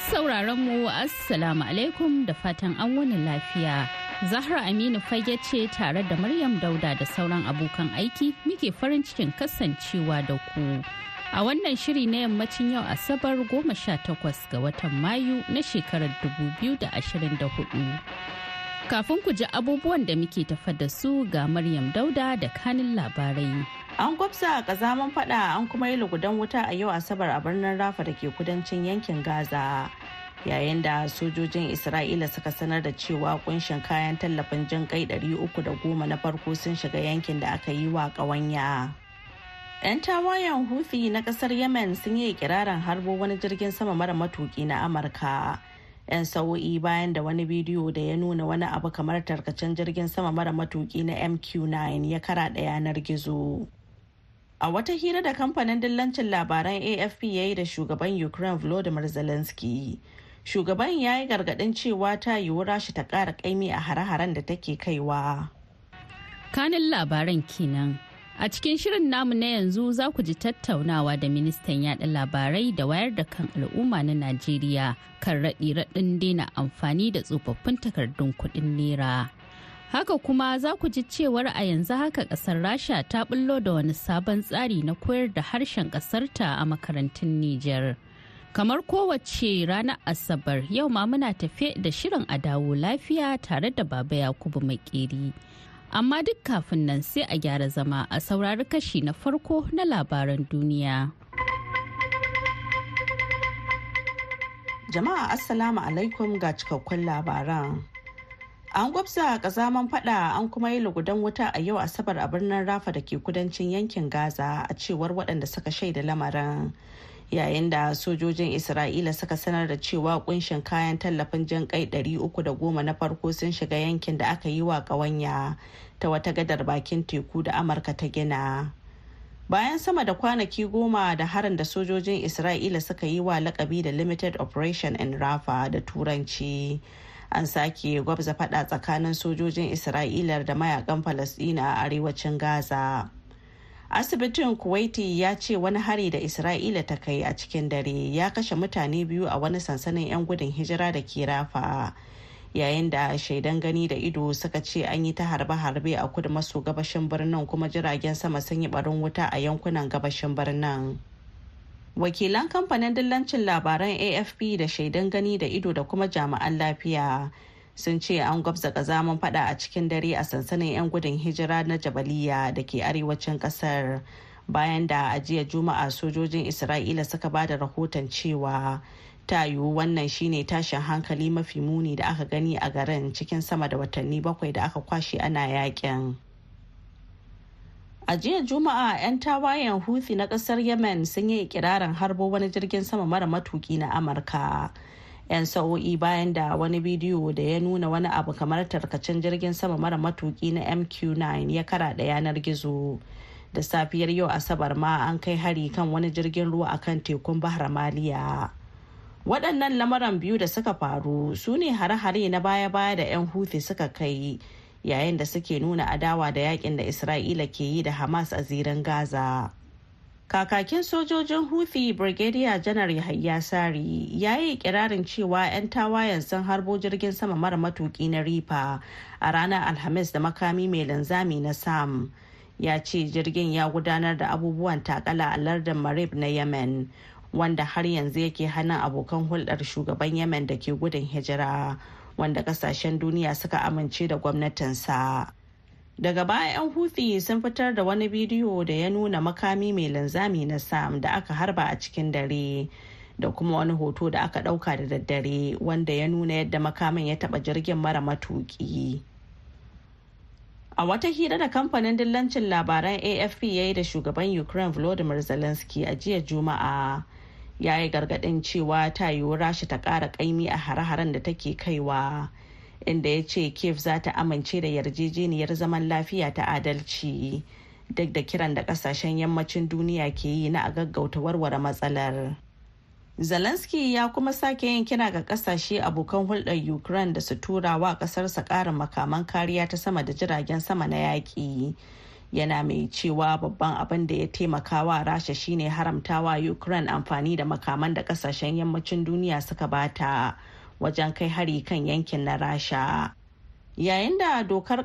Masu sauraron mu Assalamu alaikum da fatan an wani lafiya. Zahra Aminu fage ce tare da Maryam Dauda da sauran abokan aiki muke farin cikin kasancewa da ku. A wannan shiri na yammacin yau Asabar 18 ga watan Mayu na shekarar 2024. Kafin ku ji abubuwan da muke tafa da su ga Maryam Dauda da kanin labarai. An gwabsa gwabza kazaman fada an kuma yi lugudan wuta a yau Asabar a birnin Rafa da ke kudancin yankin Gaza. Yayin da sojojin Isra'ila suka sanar da cewa kunshin kayan tallafin jin kai goma na farko sun shiga yankin da aka yi wa ƙawanya. 'Yan tawayen Houthi na ƙasar Yemen sun yi ikirarin harbo wani jirgin sama mara matuki na Amurka. 'yan sa'o'i bayan da wani bidiyo da ya nuna wani abu kamar tarkacen jirgin sama mara matuki na mq9 ya kara da yanar gizo a wata hira da kamfanin dillancin labaran afp ya yi da shugaban ukraine volodymyr zelensky shugaban ya yi gargadin cewa ta yiwu rashi ta kara kaimi a hare-haren da take kaiwa kanin labaran kenan A cikin shirin namu na yanzu za ku ji tattaunawa da ministan yaɗa labarai da wayar da kan al'umma na Najeriya kan raɗi-raɗin daina amfani da tsofaffin takardun kuɗin naira. Haka kuma za ku ji cewar a yanzu haka ƙasar Rasha ta ɓullo da wani sabon tsari na koyar da harshen ƙasarta a makarantun Nijar. Kamar kowace ranar Asabar yau ma muna tafe da shirin a dawo lafiya tare da Baba Yakubu Makeri. amma duk kafin nan sai a gyara zama a saurari kashi na farko na labaran duniya. Jama'a Assalamu alaikum ga cikakkun labaran. An gwabza kazaman fada an kuma yi lugudan wuta a yau Asabar a birnin Rafa da ke kudancin yankin Gaza a cewar waɗanda suka shaida lamarin. yayin da sojojin isra'ila suka sanar da cewa kunshin kayan tallafin jan kai 310 na farko sun shiga yankin da aka yi wa kawanya ta wata gadar bakin teku da amurka ta gina bayan sama da kwanaki goma da harin da sojojin isra'ila suka yi wa lakabi da limited operation in rafa da turanci an sake gwabza fada tsakanin sojojin isra'ila da mayakan falasdina a arewacin gaza asibitin kuwaiti ya ce wani hari da isra'ila ta kai a cikin dare ya kashe mutane biyu a wani sansanin 'yan gudun hijira da ke rafa yayin da shaidan gani da ido suka ce an yi ta harbe-harbe a kudu maso gabashin birnin kuma jiragen sama sun yi barin wuta a yankunan gabashin birnin wakilan kamfanin dillancin labaran afp da shaidan gani da ido da kuma jami'an lafiya sun ce an gwabza kazaman fada a cikin dare a sansanin 'yan gudun hijira na jabaliya da ke arewacin kasar bayan da a jiya juma'a sojojin isra'ila suka ba da rahoton cewa ta yiwu wannan shine tashin hankali mafi muni da aka gani a garin cikin sama da watanni bakwai da aka kwashe ana yakin a jiya juma'a 'yan tawayen huthi na kasar yemen sun yi ikirarin harbo wani jirgin sama mara matuki na amurka 'yan sa'o'i bayan da wani bidiyo da ya nuna wani abu kamar tarkacen jirgin sama mara matuki na mq9 ya kara da yanar gizo da safiyar yau asabar ma an kai hari kan wani jirgin ruwa akan tekun bahar maliya waɗannan lamaran biyu da suka faru su ne hare-hare na baya-baya da 'yan huthi suka kai yayin da suke nuna adawa da yakin da isra'ila ke yi da hamas a zirin gaza kakakin sojojin hufi brigadier janar yahaya sari ya yi kirarin cewa 'yan tawayen sun harbo jirgin sama mara matuki na rifa a ranar alhamis da makami mai linzami na sam ya ce jirgin ya gudanar da abubuwan takala a lardin marib na yemen wanda har yanzu yake hana abokan hulɗar shugaban yemen da ke gudun hijira wanda kasashen duniya suka amince da gwamnatinsa daga baya 'yan hufi sun fitar da wani bidiyo da ya nuna makami mai linzami na sam da aka harba a cikin dare da kuma wani hoto da aka dauka da daddare wanda ya nuna yadda makamin ya taba jirgin mara matuki a wata hira da kamfanin dillancin labaran afp ya yi da shugaban ukraine volodymyr zelensky a jiya juma'a ya yi gargadin cewa ta yiwu rasha ta kara kaimi a hare-haren da take kaiwa inda ya ce kiev za ta amince da yarjejeniyar zaman lafiya ta adalci duk da kiran da kasashen yammacin duniya ke yi na a gaggauta warware matsalar zelensky ya kuma sake yin kira ga kasashe abokan hulɗar ukraine da su tura wa ƙasarsa ƙarin makaman kariya ta sama da jiragen sama na yaƙi yana mai cewa babban abin da ya taimaka wa rasha shine haramtawa ukraine amfani da makaman da kasashen yammacin duniya suka bata wajen kai hari kan yankin na rasha yayin da dokar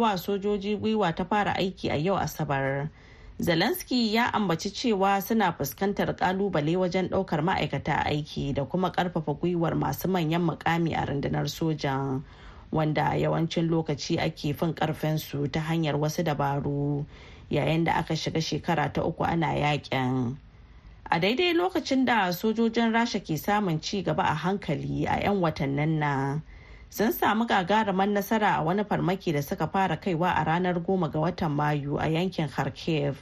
wa sojoji gwiwa ta fara aiki a yau asabar zelensky ya ambaci cewa suna fuskantar kalubale wajen daukar ma'aikata aiki da kuma karfafa gwiwar masu manyan mukami a rundunar sojan wanda yawancin lokaci ake fin karfensu ta hanyar wasu dabaru yayin da aka shiga shekara ta uku ana yakin a daidai lokacin da sojojin rasha ke samun ci gaba a hankali a 'yan watannin na sun samu gagarumar nasara a wani farmaki da suka fara kaiwa a ranar goma ga watan mayu a yankin kharkiv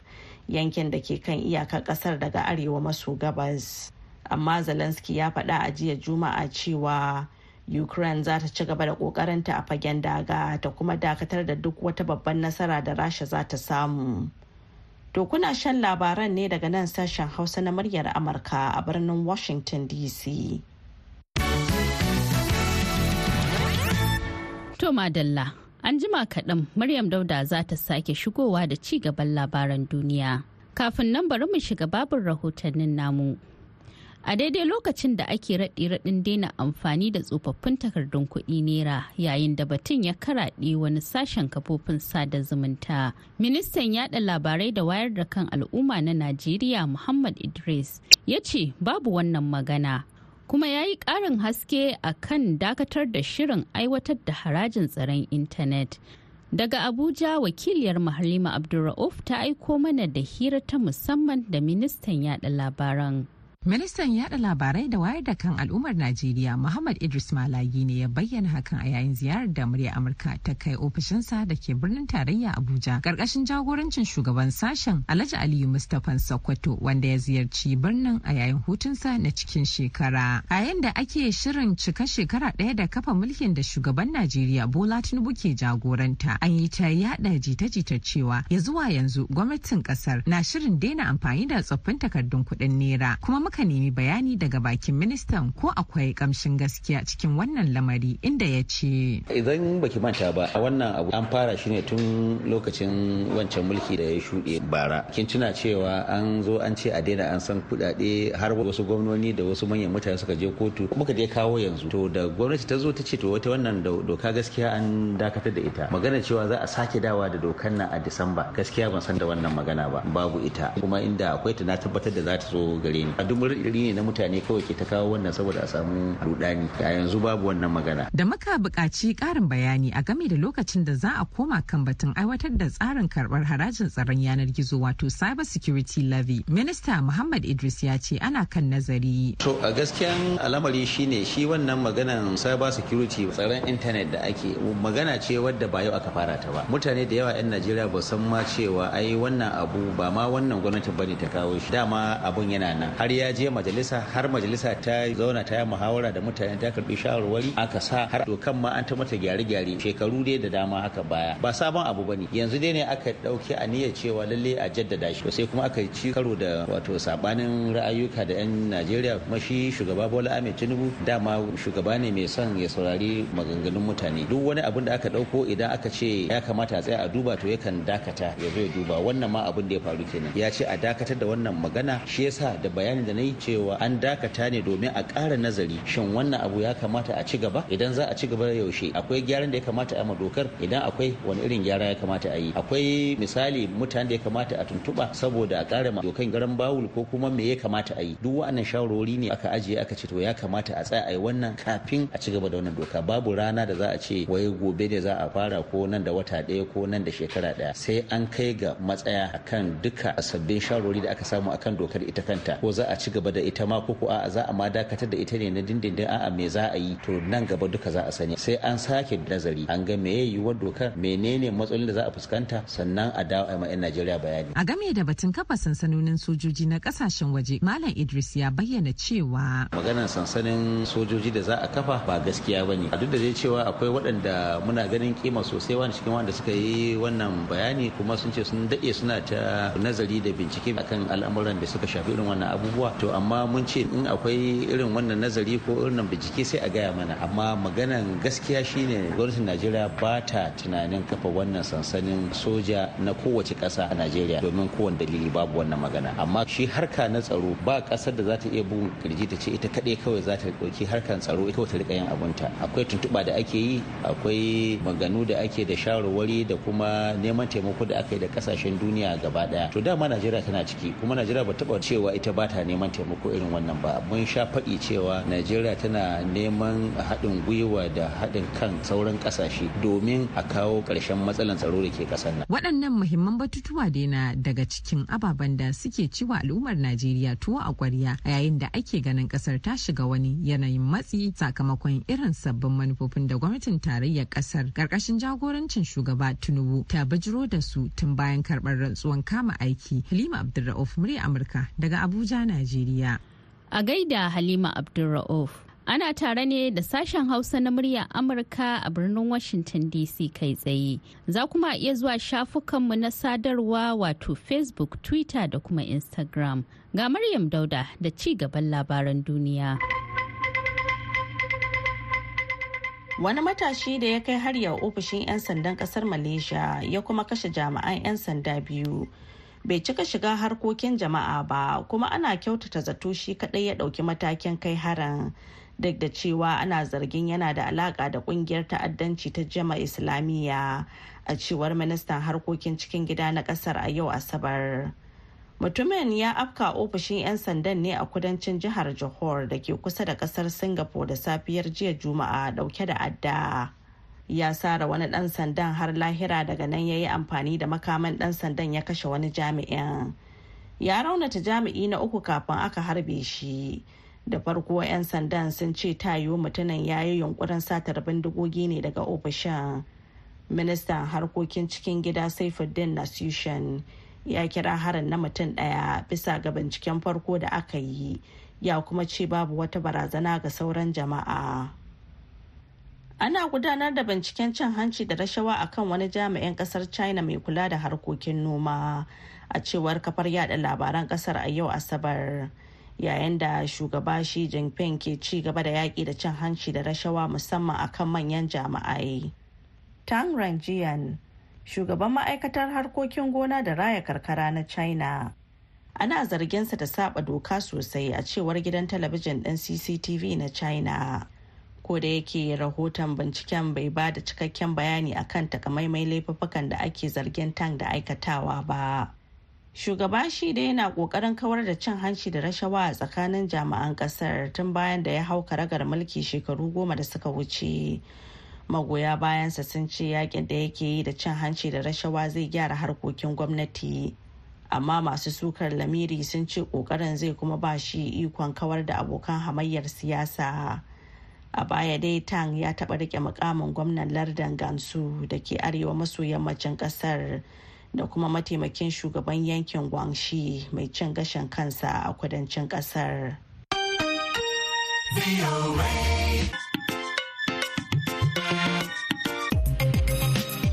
yankin da ke kan iyakar kasar daga arewa maso gabas amma zelensky ya faɗa a jiya juma'a cewa ukraine za ta ci gaba da ƙoƙarinta a fagen daga ta kuma dakatar da duk wata babban nasara da rasha za ta samu To kuna shan labaran ne daga nan sashen Hausa na muryar Amurka a birnin Washington DC. To Madalla, an jima kaɗan Maryam Dauda za ta sake shigowa da ci gaban labaran duniya. Kafin nan bari mu shiga babin rahotannin namu. a daidai lokacin da ake raɗi raɗin daina amfani da tsofaffin takardun kuɗi nera yayin da batun ya karaɗe wani sashen kafofin sada zumunta ministan Yaɗa labarai da wayar da kan al'umma na najeriya muhammad idris ya ce babu wannan magana kuma ya yi ƙarin haske a kan dakatar da shirin aiwatar da harajin tsaron intanet daga abuja wakiliyar mahalima abdulra'uf ta aiko mana da hira ta musamman da ministan Yaɗa labaran Ministan yada labarai da wayar da kan al'ummar Najeriya Muhammad Idris Malagi ne ya bayyana hakan a yayin ziyarar da murya Amurka ta kai ofishinsa da ke birnin tarayya Abuja karkashin jagorancin shugaban sashen Alhaji Aliyu Mustapha Sokoto wanda ya ziyarci birnin a yayin hutunsa na cikin shekara. A yayin da ake shirin cika shekara ɗaya da kafa mulkin da shugaban Najeriya Bola Tinubu ke jagoranta an yi ta yada jita-jita cewa ya zuwa yanzu gwamnatin ƙasar na shirin daina amfani da tsoffin takardun kuɗin naira kuma muka nemi bayani daga bakin ministan ko akwai kamshin gaskiya cikin wannan lamari inda ya ce. Idan baki manta ba a wannan abu an fara shi ne tun lokacin wancan mulki da ya shuɗe bara. Kin tuna cewa an zo an ce a daina an san kuɗaɗe har wasu gwamnoni da wasu manyan mutane suka je kotu muka dai kawo yanzu. To da gwamnati ta zo ta ce to wata wannan doka gaskiya an dakatar da ita. Magana cewa za a sake dawa da dokan nan a Disamba gaskiya ban san da wannan magana ba babu ita kuma inda akwai ta na tabbatar da za ta zo gare ni. A duk iri-iri ne na mutane kawai ke ta kawo wannan saboda a samu rudani a yanzu babu wannan magana da muka buƙaci ƙarin bayani a game da lokacin da za a koma kan batun aiwatar da tsarin karbar harajin tsaron yanar gizo wato cyber security levy minista muhammad idris ya ce ana kan nazari to a gaskiyan al'amari shine shi wannan maganan cyber security tsaron intanet da ake magana ce wadda ba yau aka fara ta ba mutane da yawa 'yan najeriya ba san ma cewa ai wannan abu ba ma wannan gwamnati bane ta kawo shi dama abun yana nan har ya je majalisa har majalisa ta zauna ta yi muhawara da mutane ta karbi shawarwari aka sa har dokan ma an ta mata gyare-gyare shekaru dai da dama haka baya ba sabon abu bane yanzu dai ne aka dauke aniyar cewa lalle a jaddada shi sai kuma aka ci karo da wato sabanin ra'ayuka da 'yan Najeriya kuma shi shugaba Bola Ahmed Tinubu dama shugaba ne mai son ya saurari maganganun mutane duk wani abun da aka dauko idan aka ce ya kamata a tsaya a duba to yakan dakata ya zo ya duba wannan ma abun da ya faru kenan ya ce a dakatar da wannan magana shi yasa da bayanin da na. bayanai cewa an dakata ne domin a ƙara nazari shin wannan abu ya kamata a ci gaba idan za a ci gaba yaushe akwai gyaran da ya kamata a ma dokar idan akwai wani irin gyara ya kamata a yi akwai misali mutane da ya kamata a tuntuɓa saboda a ƙara ma dokan garan bawul ko kuma me ya kamata a yi duk wa'annan shawarwari ne aka ajiye aka ce to ya kamata a tsaya a yi wannan kafin a ci gaba da wannan doka babu rana da za a ce wai gobe ne za a fara ko nan da wata ɗaya ko nan da shekara ɗaya sai an kai ga matsaya akan duka sabbin shawarwari da aka samu akan dokar ita kanta ko za a ci gaba da ita ma ko a'a za a ma dakatar da ita ne na dindindin a'a me za a yi to nan gaba duka za a sani sai an sake nazari an ga yi wa dokar menene matsalolin da za a fuskanta sannan a dawo a yan Najeriya bayani. A game da batun kafa sansanonin sojoji na kasashen waje Malam Idris ya bayyana cewa maganar sansanin sojoji da za a kafa ba gaskiya bane a duk da zai cewa akwai waɗanda muna ganin kima sosai wani cikin wanda suka yi wannan bayani kuma sun ce sun daɗe suna ta nazari da bincike akan al'amuran da suka shafi irin wannan abubuwa to amma mun ce in akwai irin wannan nazari ko irin nan bincike sai a gaya mana amma maganan gaskiya shine gwamnatin najeriya ba ta tunanin kafa wannan sansanin soja na kowace ƙasa a najeriya domin kowane dalili babu wannan magana amma shi harka na tsaro ba ƙasar da za ta iya bugun kirji ta ce ita kaɗai kawai za ta ɗauki harkan tsaro ita ta riƙa yin abunta akwai tuntuɓa da ake yi akwai maganu da ake da shawarwari da kuma neman taimako da aka yi da ƙasashen duniya gaba ɗaya to dama najeriya tana ciki kuma najeriya ba taɓa cewa ita ba ta neman taimako irin wannan ba mun sha faɗi cewa najeriya tana neman haɗin gwiwa da haɗin kan sauran ƙasashe domin a kawo ƙarshen matsalan tsaro da ke ƙasar nan waɗannan muhimman batutuwa dai na daga cikin ababen da suke ciwa al'ummar najeriya tuwo a kwariya a yayin da ake ganin ƙasar ta shiga wani yanayin matsi sakamakon irin sabbin manufofin da gwamnatin tarayyar ƙasar ƙarƙashin jagorancin shugaba tinubu ta bijiro da su tun bayan karɓar rantsuwan kama aiki halima abdulra'uf murya amurka daga abuja najeriya Najeriya. A gaida Halima Abdulra'uf. Ana tare ne da sashen Hausa na murya Amurka a birnin Washington DC kai tsaye. Za kuma iya zuwa shafukanmu na sadarwa wato Facebook, Twitter da kuma Instagram. Ga Maryam Dauda da ci gaban labaran duniya. Wani matashi da ya kai har ya ofishin 'yan sandan kasar Malaysia ya kuma kashe jami'an 'yan sanda biyu. bai cika shiga harkokin jama'a ba kuma ana kyautata zato shi kadai ya dauki matakin kai harin duk da cewa ana zargin yana da alaka da kungiyar ta'addanci ta jama islamiyya a cewar ministan harkokin cikin gida na kasar a yau asabar mutumin ya afka ofishin 'yan sandan ne a kudancin jihar johor da ke kusa da kasar singapore da safiyar jiya juma'a dauke da adda ya sara wani dan sandan har lahira daga nan ya yi amfani da makaman dan sandan ya kashe wani jami'in ya raunata jami'i na uku kafin aka harbe shi da farko 'yan sandan sun ce tayo mutumin ya yi yunkurin satar bindigogi ne daga ofishin ministan harkokin cikin gida saifuddin nasution ya kira harin na mutum daya bisa ga binciken farko da aka yi ya kuma ce babu wata barazana ga sauran jama'a ana gudanar da binciken cin hanci da rashawa akan wani jami'in kasar china mai kula da harkokin noma a cewar kafar yada labaran kasar a yau asabar yayin da shugaba shi jinping ke ci gaba da yaki da cin hanci da rashawa musamman a kan manyan jami'ai tang ranjian shugaban ma'aikatar harkokin gona da raya karkara na china ana zarginsa da saba doka sosai a cewar gidan talabijin din cctv na china ko da yake rahoton binciken bai ba da cikakken bayani a kan takamaiman laifukan da ake zargin tang da aikatawa ba shugaba shi da yana kokarin kawar da cin hanci da rashawa a tsakanin jami'an kasar tun bayan da ya hau karagar mulki shekaru goma da suka wuce magoya bayansa sun ce yakin da yake yi da cin hanci da rashawa zai gyara harkokin gwamnati amma masu sukar lamiri sun ce kokarin zai kuma ba shi ikon kawar da abokan hamayyar siyasa a baya dai tang ya taba rike mukamin gwamnan lardan gansu da ke arewa maso yammacin kasar da kuma mataimakin shugaban yankin guangxi mai cin gashin kansa a kudancin kasar.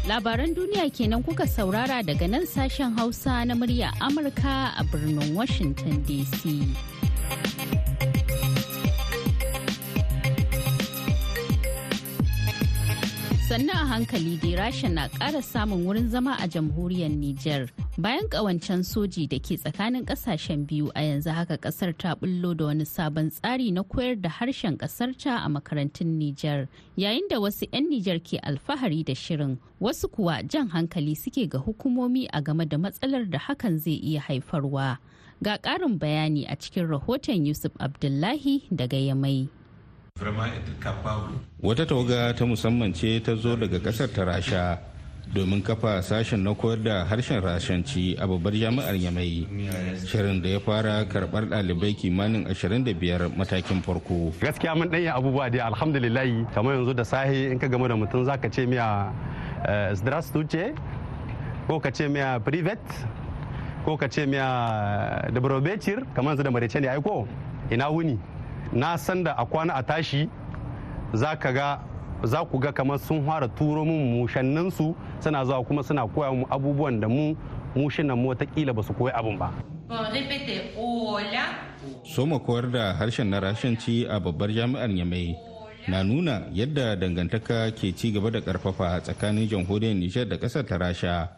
labaran duniya kenan kuka saurara daga nan sashen hausa na murya amurka a birnin washington dc sannan a hankali dai rasha na ƙara samun wurin zama a jamhuriyar nijar bayan ƙawancen soji da ke tsakanin ƙasashen biyu a yanzu haka ƙasar ta bullo da wani sabon tsari na koyar da harshen ta a makarantun nijar yayin da wasu 'yan nijar ke alfahari da shirin wasu kuwa jan hankali suke ga hukumomi a game da matsalar da hakan zai iya haifarwa ga ƙarin bayani a cikin rahoton yusuf abdullahi daga yamai Wata tauga ta musamman ce ta zo daga kasar ta Rasha domin kafa sashen na koyar da harshen rashanci a babbar jami'ar Yamai. Shirin da ya fara karɓar ɗalibai kimanin 25 matakin farko. Gaskiya mun ɗanya abubuwa dai alhamdulillahi kamar yanzu da sahi in ka gama da mutum zaka ce miya eh, zdrastuce ko ka ce miya privet ko ka ce miya dabrobecir kamar yanzu da marece ne aiko ina wuni. na san da a kwana a tashi za ka ga za ku ga kamar sun fara turo mun mushanninsu suna zuwa kuma suna koya mu abubuwan da mu mushin nan watakila ba su koyi abin ba. Soma koyar da harshen na ci a babbar jami'ar Yamai na nuna yadda dangantaka ke ci gaba da karfafa tsakanin jamhuriyar Nijar da kasar ta Rasha.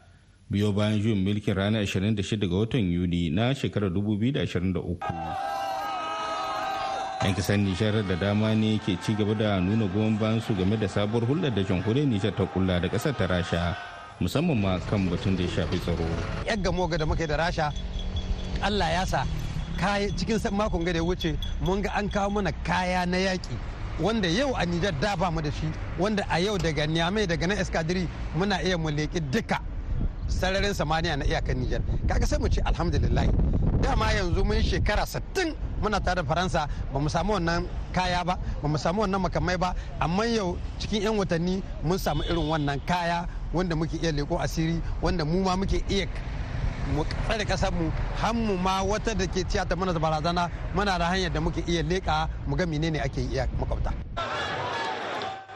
Biyo bayan juyin mulkin ranar 26 ga watan Yuni na shekarar 2023. 'yan kisan nishar da dama ne ke ci gaba da nuna goyon bayan su game da sabuwar hulɗar da jamhuriyar nishar ta kulla da kasar ta rasha musamman ma kan batun da ya shafi tsaro gamo ga da muka da rasha allah ya sa cikin makon gada ya wuce mun ga an kawo mana kaya na yaƙi wanda yau a nijar da ba mu da shi wanda a yau daga niamey daga nan eskadiri muna iya mu leƙi duka sararin samaniya na iyakar nijar kaga sai mu ce alhamdulillah dama yanzu mun shekara sittin. muna tare da faransa ba mu samu wannan kaya ba ba mu samu wannan makamai ba amma yau cikin 'yan watanni mun samu irin wannan kaya wanda muke iya leko asiri wanda mu ma muke iya mu da kasar mu har mu ma wata da ke ciyata mana barazana muna da hanyar da muke iya leka mu ga menene ake iya makwabta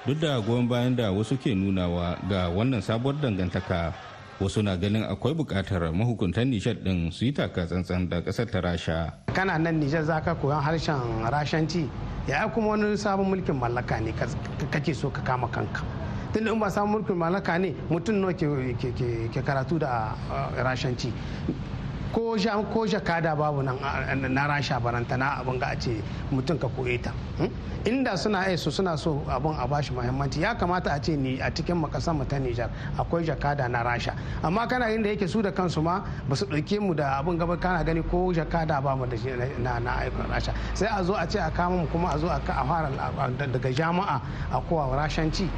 duk da goyon bayan da wasu ke nunawa ga wannan sabuwar dangantaka wasu na ganin akwai bukatar mahukuntan nishar din su yi taka tsantsan da kasar ta rasha kana nan nijar za ka koyan harshen rashanci ya kuma wani sabon mulkin mallaka ne kake so ka kama kanka tunda in ba samun mulkin mallaka ne mutum ne ke karatu da ah, rashanci ko jakada babu nan na rasha na abin ga a ce mutum ka koye ta hmm? inda suna so suna so abin a bashi muhimmanci ya kamata a ce ni a cikin makasar mu ta Nijar akwai jakada na rasha amma kana yin da yake su da kansu ma ba su ɗauke mu da abin gaba kana gani ko jakada ba mu da shi na na aikin rasha sai a zo a ce a kama mu kuma a zo a fara daga jama'a a kowa rashanci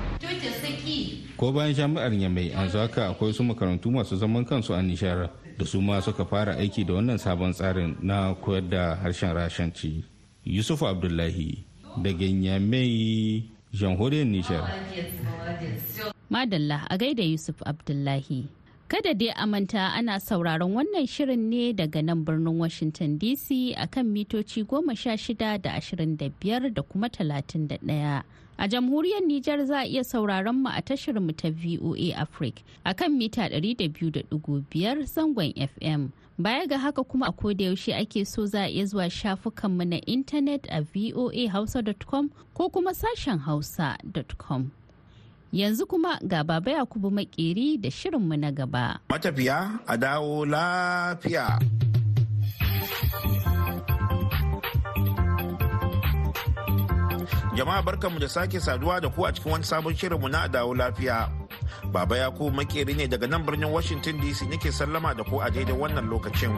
ko bayan jami'ar yamai an haka akwai su makarantu masu zaman kansu a Nijar da su ma suka fara aiki da wannan sabon tsarin na koyar da harshen rashanci yusuf abdullahi da mai jamhuriyar nishar madalla a gaida yusuf abdullahi kada dai a manta ana sauraron wannan shirin ne daga nan birnin washington dc akan mitoci goma sha shida da ashirin da biyar da kuma talatin da daya. A jamhuriyar Nijar za a iya sauraron mu a tashar mu ta VOA Africa a kan mita 200.5 zangon FM. Baya ga haka kuma a koda yaushe ake so za a iya zuwa shafukan mu na intanet a voahausa.com ko kuma sashen hausa.com. Yanzu kuma ga baba Yakubu makeri da shirinmu na gaba. Matafiya a dawo lafiya. Jama'a barkanmu da sake saduwa da ku a cikin wani sabon shirin mu na dawo lafiya. Baba Yakubu makeri ne daga nan birnin Washington DC nake sallama da ku a daidai wannan lokacin.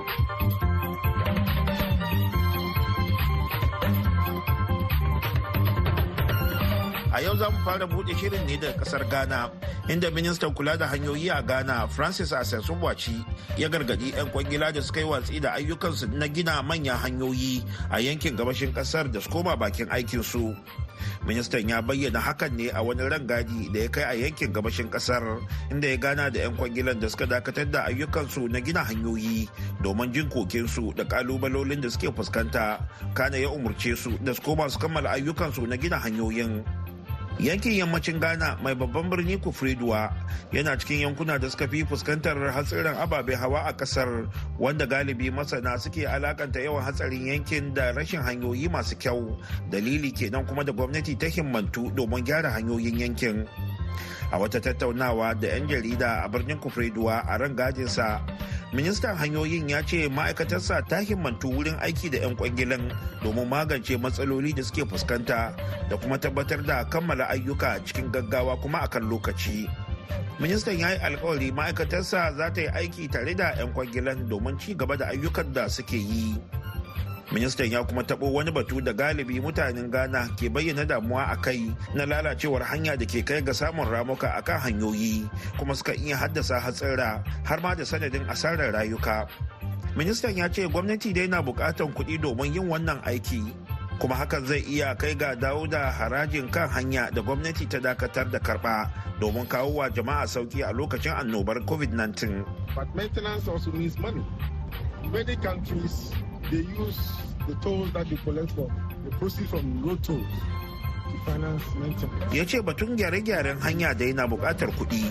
A yau za mu fara buɗe shirin ne daga kasar Ghana, inda ministan kula da hanyoyi a Ghana, Francis Asensubwaci, ya gargadi 'yan kwangila da suka yi watsi da ayyukansu na gina manyan hanyoyi a yankin gabashin kasar da su koma bakin aikinsu. Ministan ya bayyana hakan ne a wani rangadi da ya kai a yankin gabashin kasar inda ya gana da 'yan kwangilan da suka dakatar da ayyukansu na gina hanyoyi domin jin kokinsu da kalubalolin da suke fuskanta. Kana ya umurce su da su koma su kammala ayyukansu na gina hanyoyin. yankin yammacin ghana mai babban birni kufriduwa yana cikin yankuna da suka fi fuskantar hatsarin ababe hawa a kasar wanda galibi masana suke alakanta yawan hatsarin yankin da rashin hanyoyi masu kyau dalili kenan kuma da gwamnati ta himmantu domin gyara hanyoyin yankin a wata tattaunawa da 'yan jarida a birnin kufreduwa a ran gajinsa ministan hanyoyin ya ce ma'aikatarsa ta himmantu wurin aiki da 'yan kwangilan domin magance matsaloli da suke fuskanta da kuma tabbatar da kammala ayyuka cikin gaggawa kuma a kan lokaci ministan ya yi alkawari ma'aikatarsa za ta yi aiki tare da 'yan kwangilan domin ci gaba da ayyukan da suke yi ministan ya kuma tabo wani batu da galibi mutanen ghana ke bayyana damuwa a kai na lalacewar hanya da ke kai ga samun ramuka a kan hanyoyi kuma suka iya haddasa hatsira har ma da sanadin asarar rayuka ministan ya ce gwamnati dai na bukatar kuɗi domin yin wannan aiki kuma hakan zai iya kai ga dawo da harajin kan hanya da gwamnati ta dakatar da karba domin kawo wa jama'a sauki a lokacin annobar covid-19 but maintenance also money many countries They use the tolls that they collect from the proceeds from road tolls. ya ce batun gyare-gyaren hanya da yana bukatar kuɗi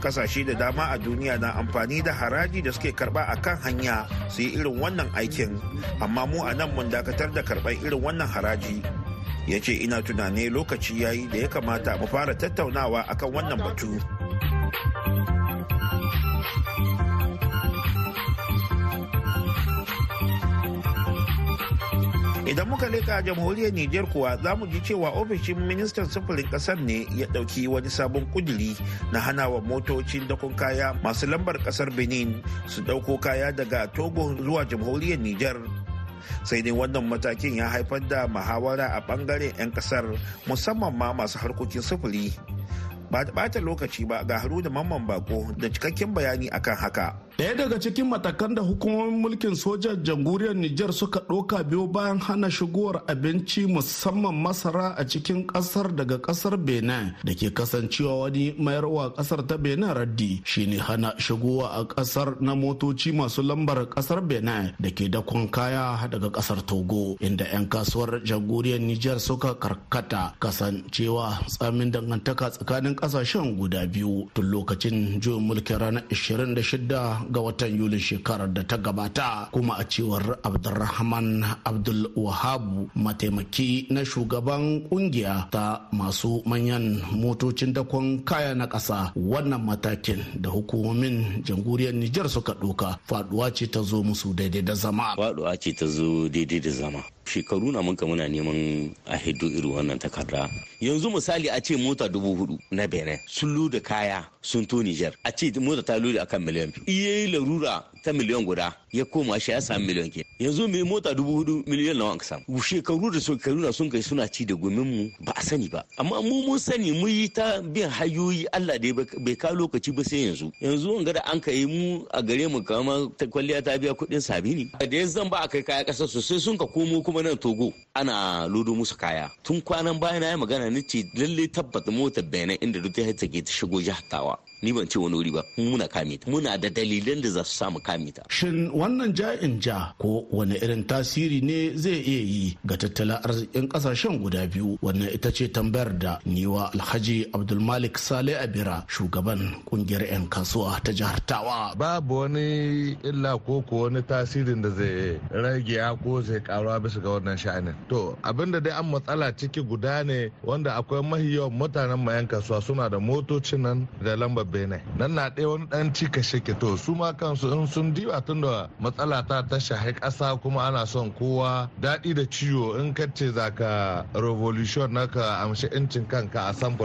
kasashe da dama a duniya na amfani da haraji da suke karba a kan hanya su yi irin wannan aikin amma mu a nan mun dakatar da karɓar irin wannan haraji ya ce ina tunane lokaci yayi da ya kamata mu fara tattaunawa akan wannan batu idan muka leka jamhuriyar niger kuwa za mu ji cewa ofishin ministan sufurin kasar ne ya dauki wani sabon kudiri na hana wa motocin dakon kaya masu lambar kasar benin su dauko kaya daga togo zuwa jamhuriyar niger sai dai wannan matakin ya haifar da muhawara a bangaren 'yan kasar musamman ma masu harkokin sufuri ba ta bata lokaci ba ga haru da mamman bako da cikakken bayani akan haka Daya daga cikin matakan da hukumomin mulkin sojan jamhuriyar Nijar suka ɗoka biyo bayan hana shigowar abinci musamman masara a cikin ƙasar daga ƙasar Benin da ke kasancewa wani mayarwa ƙasar ta Benin raddi shine hana shigowa a ƙasar na motoci masu lambar ƙasar Benin da ke dakon kaya daga ƙasar Togo inda 'yan kasuwar jamhuriyar Nijar suka karkata kasancewa tsamin dangantaka tsakanin ƙasashen guda biyu tun lokacin juyin mulkin ranar 26 ga watan yulin shekarar da ta gabata kuma a cewar abdulrahman abdul wahabu mataimaki na shugaban kungiya ta masu manyan motocin dakon kaya na ƙasa wannan matakin da hukumomin jamhuriyar nijar suka ɗoka faduwa ce ta zo musu daidai da zama faduwa ce ta zo daidai da zama shekaru na muka muna neman a hiddo irin wannan takarda yanzu misali a ce mota dubu hudu na benin sun da kaya sun to Nijar a ce mota ta lodi akan miliyan biyu. iye larura ta miliyan guda ya koma shi ya samu miliyan ke yanzu mai mota dubu hudu miliyan nawa ka samu shekaru da shekaru na sun kai suna ci da gumin mu ba a sani ba amma mu mun sani mu yi ta bin hayoyi Allah dai bai ka lokaci ba sai yanzu yanzu an da an kai mu a gare mu kama ta kwalliya ta biya kuɗin sabini da yanzu zan ba a kai kaya kasa su sai sun ka komo kuma nan Togo ana lodo musu kaya tun kwanan bayan na yi magana ni ce lalle tabbata motar bayanan inda duk ta ke ta shigo jihar Tawa ni ban ce wani wuri ba muna kame ta muna da dalilan da za su samu kame ta shin wannan ja'in ja ko wani irin tasiri ne zai iya yi ga tattalin arzikin kasashen guda biyu wannan ita ce tambayar da niwa alhaji abdulmalik sale abira shugaban kungiyar 'yan kasuwa ta jihar tawa babu wani illa ko ko wani tasirin da zai rage ya ko zai karuwa bisa ga wannan sha'anin to abin da dai an matsala ciki guda ne wanda akwai mahiyawan mutanen mayan kasuwa suna da motocin nan da lambar benin nan na ɗaya wani ɗan cika shake to su ma kansu in sun diba tun da matsala ta tashi shahi ƙasa kuma ana son kowa daɗi da ciwo in ka ce za ka revolution na ka amshi incin kanka a san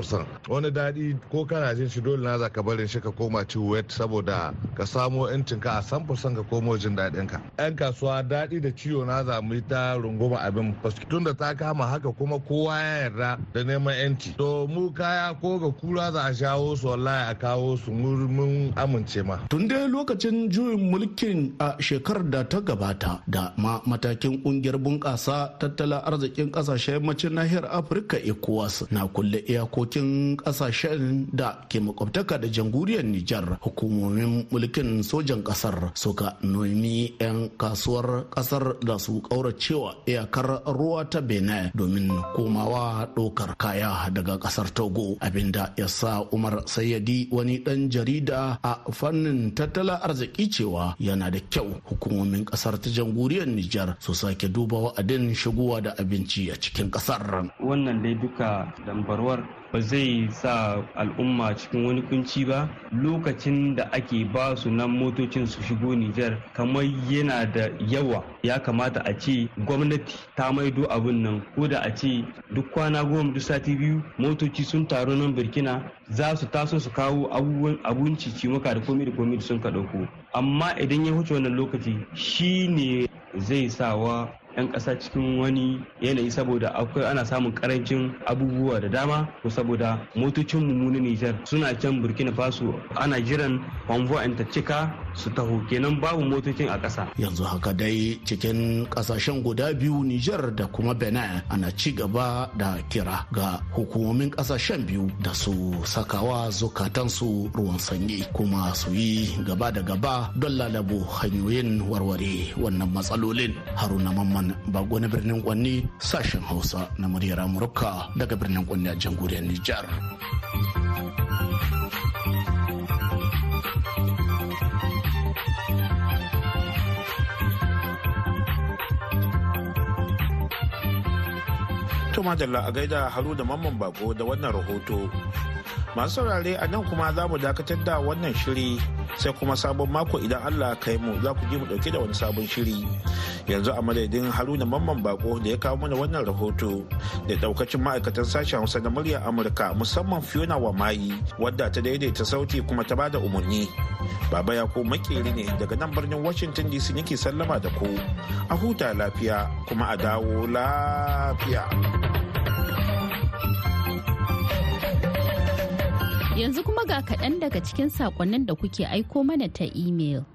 wani daɗi ko kana jin shi dole na za ka barin shi ka koma ci wet saboda ka samo incin ka a san ka komo jin daɗin ka yan kasuwa daɗi da ciwo na za mu yi ta runguma abin tun da ta kama haka kuma kowa ya yarda da neman yanci to mu kaya ko ga kura za a shawo su wallahi a kawo su mun amince ma. Tun dai lokacin juyin mulkin a shekarar da ta gabata da ma matakin kungiyar bunƙasa tattalin arzikin ƙasashen yammacin nahiyar Afirka ECOWAS na kulle iyakokin ƙasashen da ke makwabtaka da jamhuriyar Nijar hukumomin mulkin sojan ƙasar suka nomi 'yan kasuwar ƙasar da su ƙauracewa iyakar ruwa ta Benin domin komawa ɗaukar kaya daga ƙasar Togo abinda ya sa Umar Sayyadi wani ɗan jarida a fannin tattalin arziki cewa yana da kyau hukumomin ƙasar ta jamhuriyar Nijar su sake duba wa'adin shigowa da abinci a cikin ƙasar. Wannan dai duka dambarwar ba zai sa al'umma cikin wani kunci ba lokacin da ake ba su nan motocin su shigo Nijar kamar yana da yawa ya kamata a ce gwamnati ta maido abin nan ko da a ce duk kwana goma duk sati biyu motoci sun taru nan Burkina za su taso su kawo abubuwan abinci cimaka da komai da komai sun ka dauko amma idan ya wuce wannan lokaci shi ne zai sawa 'yan ƙasa cikin wani yanayi saboda akwai ana samun karancin abubuwa da dama ko saboda motocin mu Nijar suna can Burkina Faso ana jiran Convoy ta cika su taho kenan babu motocin a ƙasa. Yanzu haka dai cikin ƙasashen guda biyu Nijar da kuma Benin ana ci gaba da kira ga hukumomin ƙasashen biyu da su sakawa zukatansu ruwan sanyi kuma su yi gaba da gaba don lalabo hanyoyin warware wannan matsalolin. Haruna Mamman Bago na birnin Kwanni sashen Hausa na muryar Amurka daga birnin Kwanni a jamhuriyar Nijar. To Dalla a gaida haru da mamman bako da wannan rahoto. masu saurare a nan kuma za mu dakatar da wannan shiri sai kuma sabon mako idan allah kai mu za ku ji mu dauke da wani sabon shiri yanzu a madadin haruna mamman bako da ya kawo mana wannan rahoto da daukacin ma'aikatan sashen hausa na murya amurka musamman fiona wa mayi wadda ta daidaita sauti kuma ta bada umarni baba ya ko makeri ne daga nan birnin washington dc nake sallama da ku a huta lafiya kuma a dawo lafiya. Yanzu kuma ga kaɗan daga cikin saƙonnin da kuke aiko mana ta imel.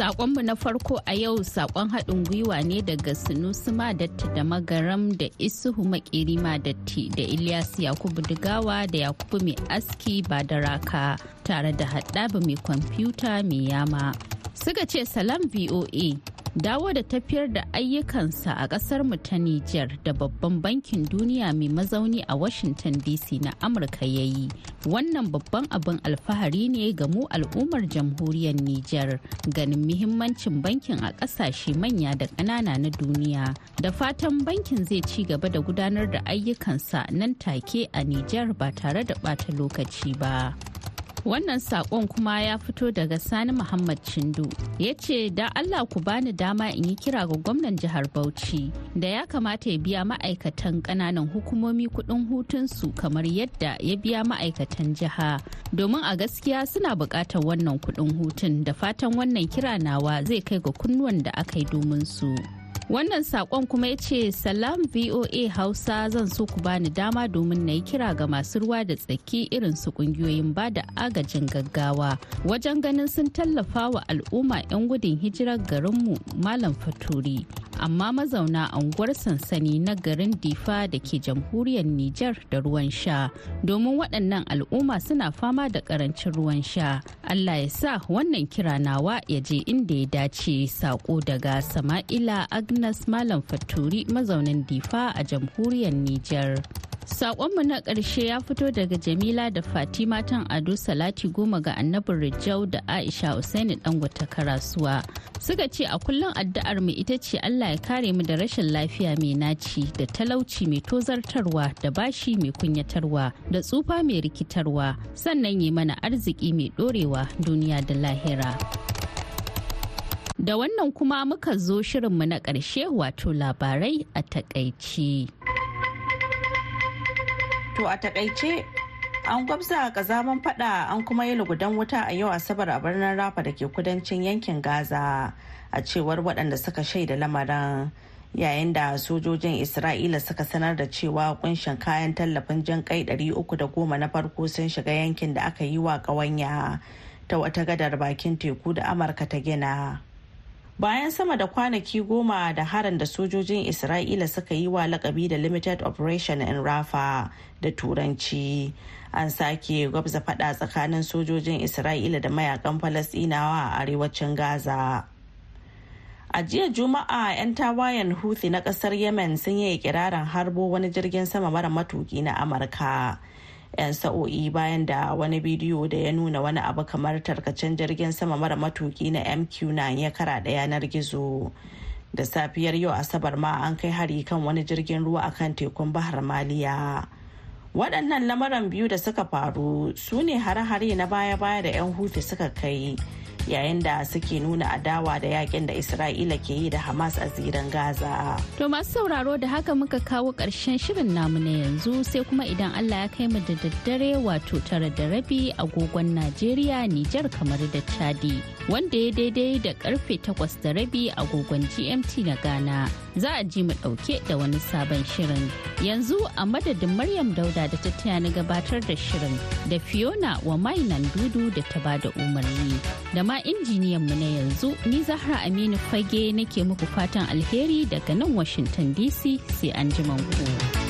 saƙonmu na farko a yau saƙon haɗin gwiwa ne daga Sinusuma Datti da Magaram da Isuhu ma Datti da Ilyas Yakubu Digawa da Yakubu Mai Aski ba da raka tare da haɗaba mai kwamfuta mai yama. Suka ce salam VOA dawo da tafiyar da ayyukansa a kasar mu ta Nijar da babban bankin duniya mai mazauni a Washington DC na Amurka ya yi. Wannan babban abin alfahari ne ga mu al'ummar jamhuriyar Nijar ganin muhimmancin bankin a ƙasashe manya da ƙanana na duniya. Da fatan bankin zai ci gaba da gudanar da ayyukansa nan take a Nijar ba tare da ɓata lokaci ba. Wannan saƙon kuma ya fito daga Sani Muhammad Chindu. Ya ce, "Da Allah ku bani dama in yi kira ga gwamnan jihar Bauchi da ya kamata ya biya ma'aikatan kananan hukumomi kuɗin hutunsu kamar yadda ya biya ma'aikatan jiha. Domin a gaskiya suna buƙatar wannan kuɗin hutun da fatan wannan kira nawa zai kai ga kunnuwan da aka yi domin su. Wannan saƙon kuma ya ce Salam VOA Hausa zan so ku bani dama domin na yi kira ga masu ruwa da tsaki irin su ƙungiyoyin ba da agajin gaggawa wajen ganin sun tallafa wa al'umma 'yan gudun hijirar garinmu Malam Faturi amma mazauna unguwar sansani na garin Difa da ke jamhuriyar Nijar da ruwan sha domin waɗannan al'umma suna fama da ƙarancin ruwan sha. Allah ya sa wannan kira nawa ya je inda ya dace saƙo daga Sama'ila Agnes Malam Faturi mazaunin Difa a jamhuriyar Nijar. Sakonmu na ƙarshe ya fito daga Jamila da Fatima tan Ado Salati goma ga annabin Rijau da Aisha Usaini Dangote Karasuwa. Suka ce a kullum addu'ar mu ita ce Allah ya kare mu da rashin lafiya mai naci da talauci mai tozartarwa da bashi mai kunyatarwa da tsufa mai rikitarwa sannan yi mana arziki mai ɗorewa duniya da lahira. Da wannan kuma muka zo shirinmu na ƙarshe wato labarai a takaici. To a takaice an gwabza kazaman fada an kuma yi lugudan wuta a yau asabar a birnin rafa da ke kudancin yankin gaza a cewar waɗanda suka shaida lamarin yayin da sojojin isra'ila suka sanar da cewa kunshin kayan tallafin jan kai 310 na farko sun shiga yankin da aka yi wa ƙawanya ta wata gadar bakin teku da amurka ta gina bayan sama da kwanaki goma da harin da sojojin isra'ila suka yi wa lakabi da limited operation in rafa da turanci an sake gwabza fada tsakanin sojojin isra'ila da mayakan falasinawa a arewacin gaza a jiya juma'a 'yan tawayen houthi na kasar yemen sun yi ikirarin harbo wani jirgin sama mara matuki na amurka 'yan sa'o'i bayan da wani bidiyo da ya nuna wani abu kamar tarkacen jirgin sama mara matuki na mq9 ya kara da yanar gizo da safiyar yau asabar ma an kai hari kan wani jirgin ruwa akan tekun bahar maliya waɗannan lamaran biyu da suka faru su ne hare-hare na baya-baya da 'yan hutu suka kai yayin da suke nuna adawa da yakin da isra'ila ke yi da hamas a ziran gaza to masu sauraro da haka muka kawo karshen shirin namu na yanzu sai kuma idan allah ya kai mu da daddare wato tara da rabi agogon najeriya nijar kamar da chadi wanda ya daidai da karfe takwas da rabi agogon gmt na ghana za a ji mu ɗauke da wani sabon shirin yanzu a madadin maryam dauda da ta taya na gabatar da shirin da fiona wa mainan dudu da ta ba da umarni da ma injiniyan mu na yanzu ni Zahra Aminu Fage nake muku fatan alheri daga nan Washington DC sai an ku.